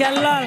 jàllal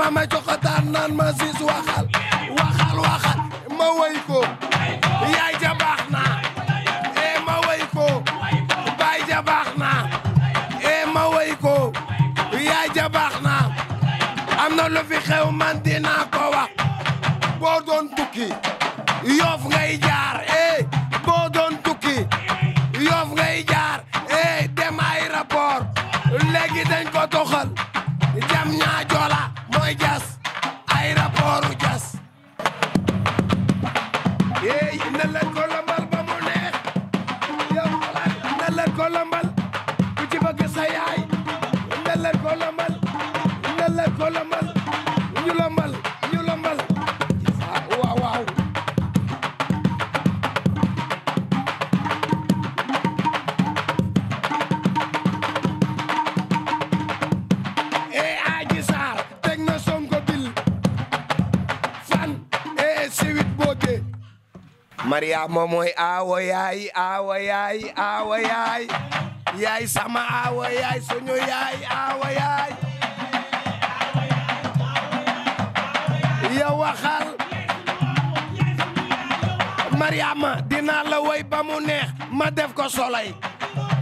ma may coxataan naan ma siis waxal waxal waxal ma way ko yaay ja baax na e ma way ko baay ja baax na e ma way ko yaay ja baax na Mariama mooy aawa yaay aawa yaay aawa yaay yaay sama aawa yaay suñu yaay aawa yaay yow waxal Mariama dinaa la woy ba mu neex ma def ko solay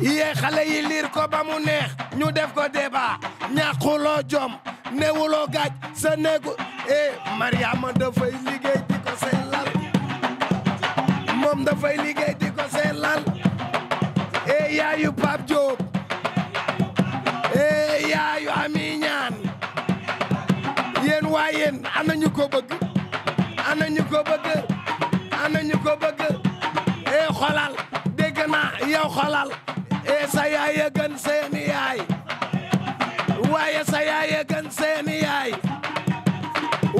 yee xale ko ba mu neex ñu def ko débat ñàquloo jom newuloo gaaj sa neegu eh Mariama dafay liggéey moom dafay liggéey di ko seelal e eh, yaayu Pape Diop e yaayu ami ñaan yéen waa ñu ko bëgg ana ñu ko bëgg ana ñu ko bëgg e xolal dégg naa yow xolal e sa yaay a gën yaay waaye sa yaay a gën yaay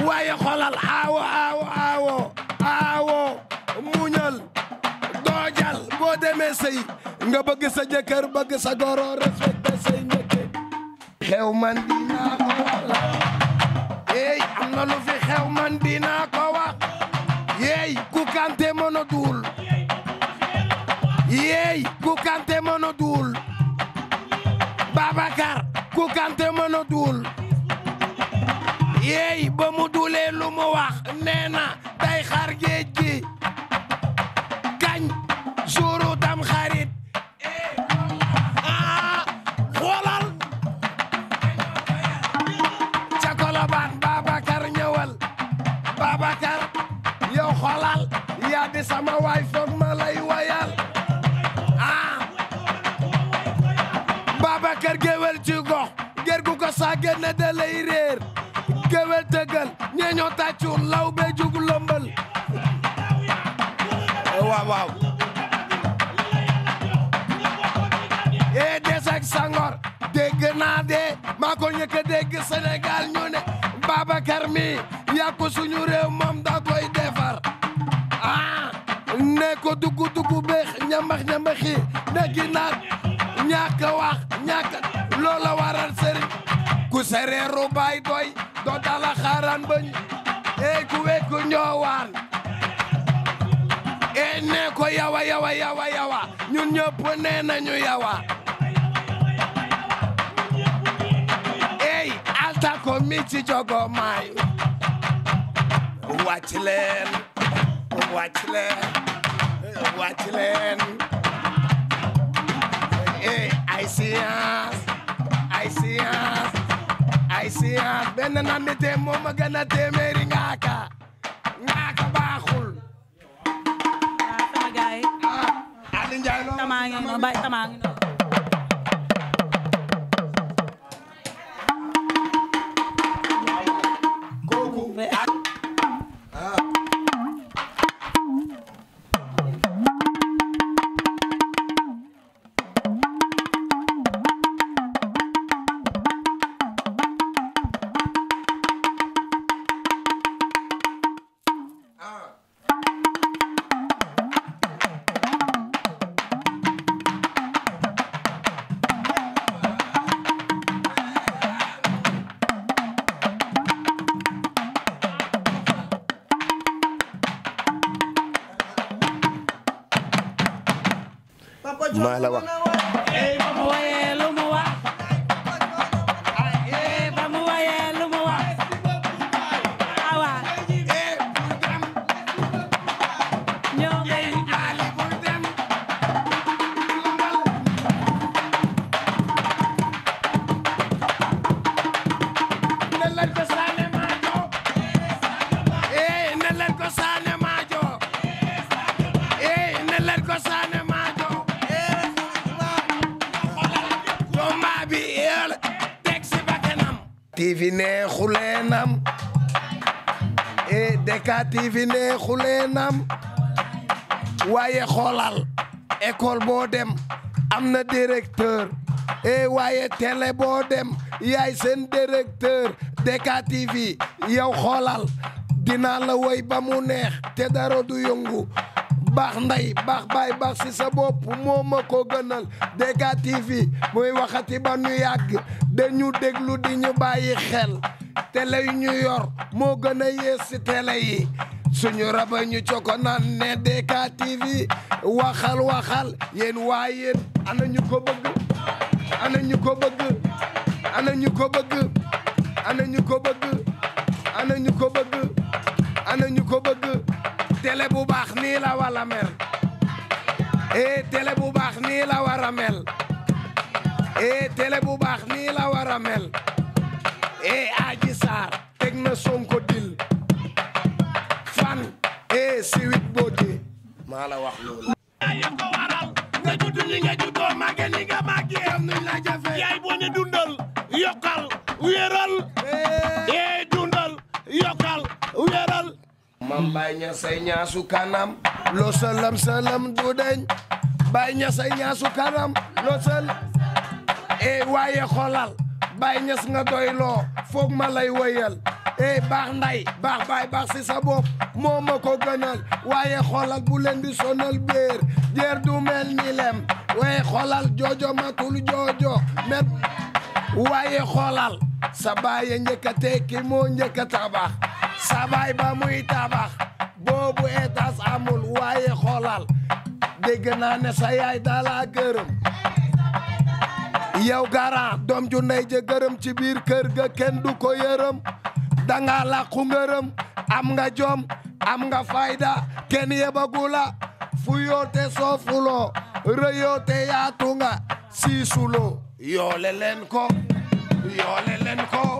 waaye xolal aawa aawa sëy nga bëgg sa jëkkër bëgg sa goro respecté sëy njëkke xew man dinaa ko wax yeey am na lu fi xew man dinaa ko wax yeey ku kante mën a duul yeey ku kante mën a duul Babacar ku kante mën a duul yeey ba mu duulee mu wax nee day xar géej gi bi sama waay foog ma lay géwél ci gox gér gu ko saa génne da lay géwél tëggal ñee ñoo tàccu law bee jug lëmbal eh, waaw waaw ee eh, des ak sangor dégg naa de maa ko ñëkk a dégg ñu ne Babacar mi yàqu suñu réew moom da koy defar ah ne ko dugg dugg beex ñamax ñamaxi ne ginaar ñàkk wax ñàkk loola waral sëriñ ku sereeru baay doy doo dala xaaraan bañ ee ku wekku ñoowaan ee ne ko yawa yawa yawa yawa ñun ñëpp nee nañu yawa eey alta ko mi ci jogo maay wàcc leen wàcc leen wàcc leen eh ay science ay science ay science benn naan mi tee moom a gën a téeméeri ngaaka ngaaka baaxul. waaw sama gars yi. ah Aliou Ndiaye loolu. tamaa ngeen ma la wax eh, DKTV neexu leen am e waaye xoolal école boo dem am na directeur e waaye télé boo dem yaay seen directeur DKTV yow xoolal dinaa la woy ba mu neex te dara du yongu baax nday baax baay baax si sa bopp moo ma ko gënal DK TV muy waxati ba nu yàgg dañu déglu di ñu bàyyi xel télé yu ñu yor moo gën a yées si télé yi suñu raba ñu coko naan ne DK TV waxal waxal yéen waa yéen ko bëgg ana ñu ko bëgg ana ñu ko bëgg ana ñu ko bëgg la wala mel eh télé bu a mel eh télé bu baax nii la eh, a mel eh Adji Sarr teg na Sonko dil fan eh siwit boote maa la wax loolu yaa ko waral nga judd ni nga juddoo màgge ni nga màgge am nañ la yaay boo ne dundal yokkal wéeral eh, eh dundal yokkal wéeral mam bay ña say ñaasu kanam loo salam salam du deñ bay ña ñaasu kanam loo sal e eh, waaye xolal bay ñas nga doy loo foog ma lay woyal e baax nday baax baay baax si sa bopp gënal waaye xolal bu leen di sonal béer jeer du mel ni lem waaye xolal joojo matul joojo met waaye xolal sa baay a moo njëkk a tabax sabaay ba muy tabax boobu étage amul waaye xoolal dégg naa ne sa yaay gërëm yow garant doom ju ndey ja gërëm ci biir kër ga kenn du ko yërëm danga làqu ngërëm am nga jom am nga fayda kenn yebagula fu yoote soofuloo rëyoote yaatu nga siisuloo yoole leen ko yoole leen ko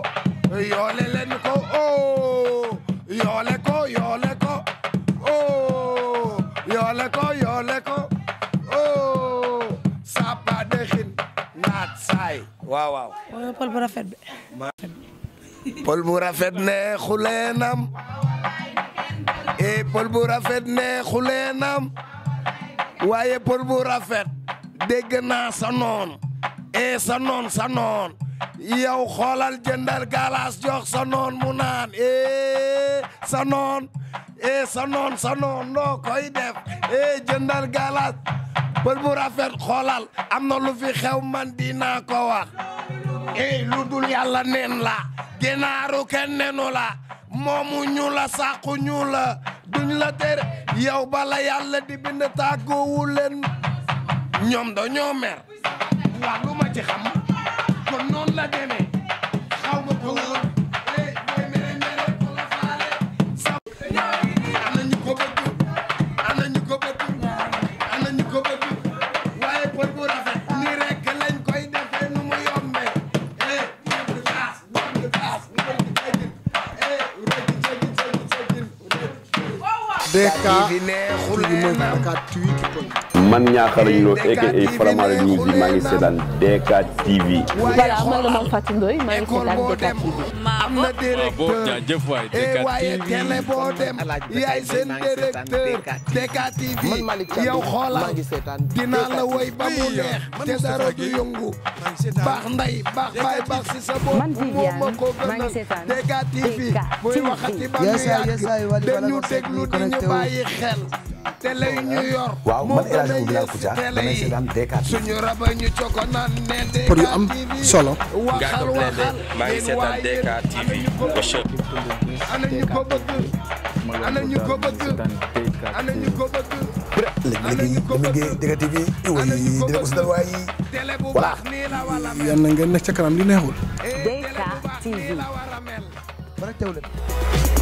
yoole leen ko oo yoole ko yoole ko oo yoole ko yoole ko oo sapa de naat saay waaw waaw pol bu rafet bi pol bu rafet ne xuleenam e eh, pol bu rafet ne xuleenam waaye pol bu rafet dégg naa sa noon e sa noon sa yow xoolal jëndal galaas jox sa mu naan eh sa noon eh sa noo koy def eh jëndal galaas bët bu rafet xoolal am na lu fi xew man dinaa ko wax eh lu dul yàlla nen la ginaaru kenn nenu la moomu ñu la sàqu ñu la duñ bala yàlla di bind tàggoowu leen ñoom dañoo mer kon noonu la demee ko woon eh mooy la faale saw am ko bëgg am ko bëgg waaye pël bu rafet ni rek lañ koy defee nu mu yombee eh bëgg taas bëgg taas man ñaaxarañ loo aka Faramaren News yi maa ngi seetaan DK TV. voilà man la moom Fatou Ndoye maa ngi seetaan DK am na directeur jaajëf waay DK TV boo dem dinaa la woy ba mu neex te dara du yëngu baax nday baax baay baax si sa bopp moom ma ko gënal DK TV muy waxati ba mu yàgg dañu déglu di ñu bàyyi xel. télé yi ñu yor. waaw man El Hadj Moulaye Koutia damay seetaan Dakar. raba ñu cogo naan yu am solo. waxal waxal maa ngi seetaan Dakar TV. ana ñu ko bëgg. ana ñu ko bëgg. ana na ngeen nekk ca kanam li neexul. Eh, Dakar TV.